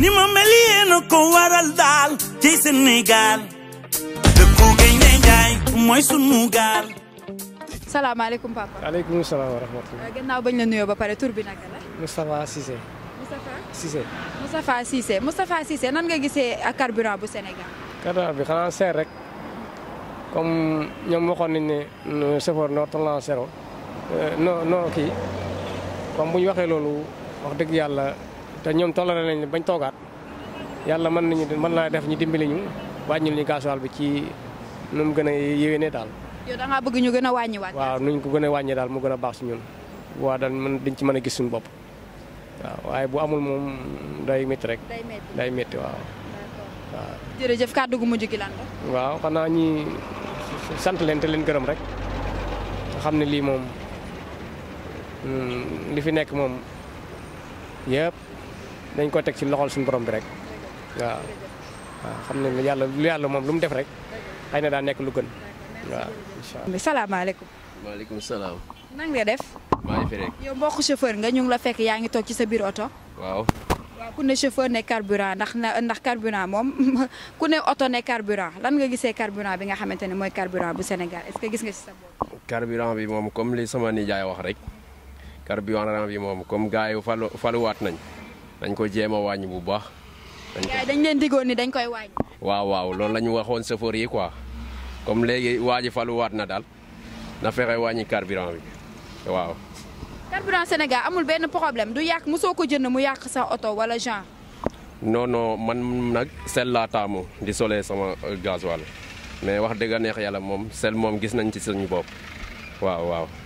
ni ma mel yéen a ko daal ci Sénégal dëkku gaynde njaay mooy sunu gaal. salaamaaleykum papa. aleykum salaam wa rahmatulah. Euh, gannaaw bañ la nuyoo ba pare tur bi naka la. Moustapha Cissé. Moustapha nan nga gisee ak carburant bu Sénégal. carburant xanaa seer rek comme ñoom waxoon nañu ne chauffeur nord talon zéro euh, non non kii comme bu waxee loolu wax dëgg yàlla. té ñom tolloon nañ bañ togaat yalla mën nañu mën la def ñu dimbali ñu wañul ñu gasoal bi ci nu gëna gën a yéwénee da nga bëgg ñu gëna wañi wàññiwaat. waaw nuñ ko gëna wañi dal mu gëna baax ñun wa dal mën diñ ci mëna gis suñu bop waaye bu amul mom day met rek. day met waaw. ka mujj gi lan waaw xana ñi sant leen te leen gërëm rek xamni li mom mm, li fi nekk mom yep dañ ko teg ci loxol suñu borom bi rek waaw xam ne lu yàlla moom lu mu def rek xëy na daa nekk lu gën waaw incha allah. salaamaaleykum. maaleykum salaam. nan nga def. maa ngi fi rek. yow mbokk chauffeur nga ñu ngi la fekk yaa ngi toog ci sa biir oto. waaw. waaw ku ne chauffeur ne carburant ndax na ndax carburant moom ku ne oto ne carburant lan nga gisee carburant bi nga xamante ne mooy carburant bu Sénégal est-ce que gis nga ci sa bopp. carburant bi moom comme li sama nijaay wax rek bi moom comme gars yi nañ dañ ko jéem wàññi bu baax. dañ leen digoon ni dañ koy wàññi. waaw waaw loolu la ñu waxoon chauffeur yi quoi comme léegi waa falu waat na daal na fexe wàññi carburant bi waaw. carburant Sénégal amul benn problème du yàq soo ko jënd mu yàq sa oto wala genre. non man nag sel laa taamu di solee sama gasoil mais wax dëgg neex yàlla moom sel moom gis nañ ci suñu bopp waaw waaw.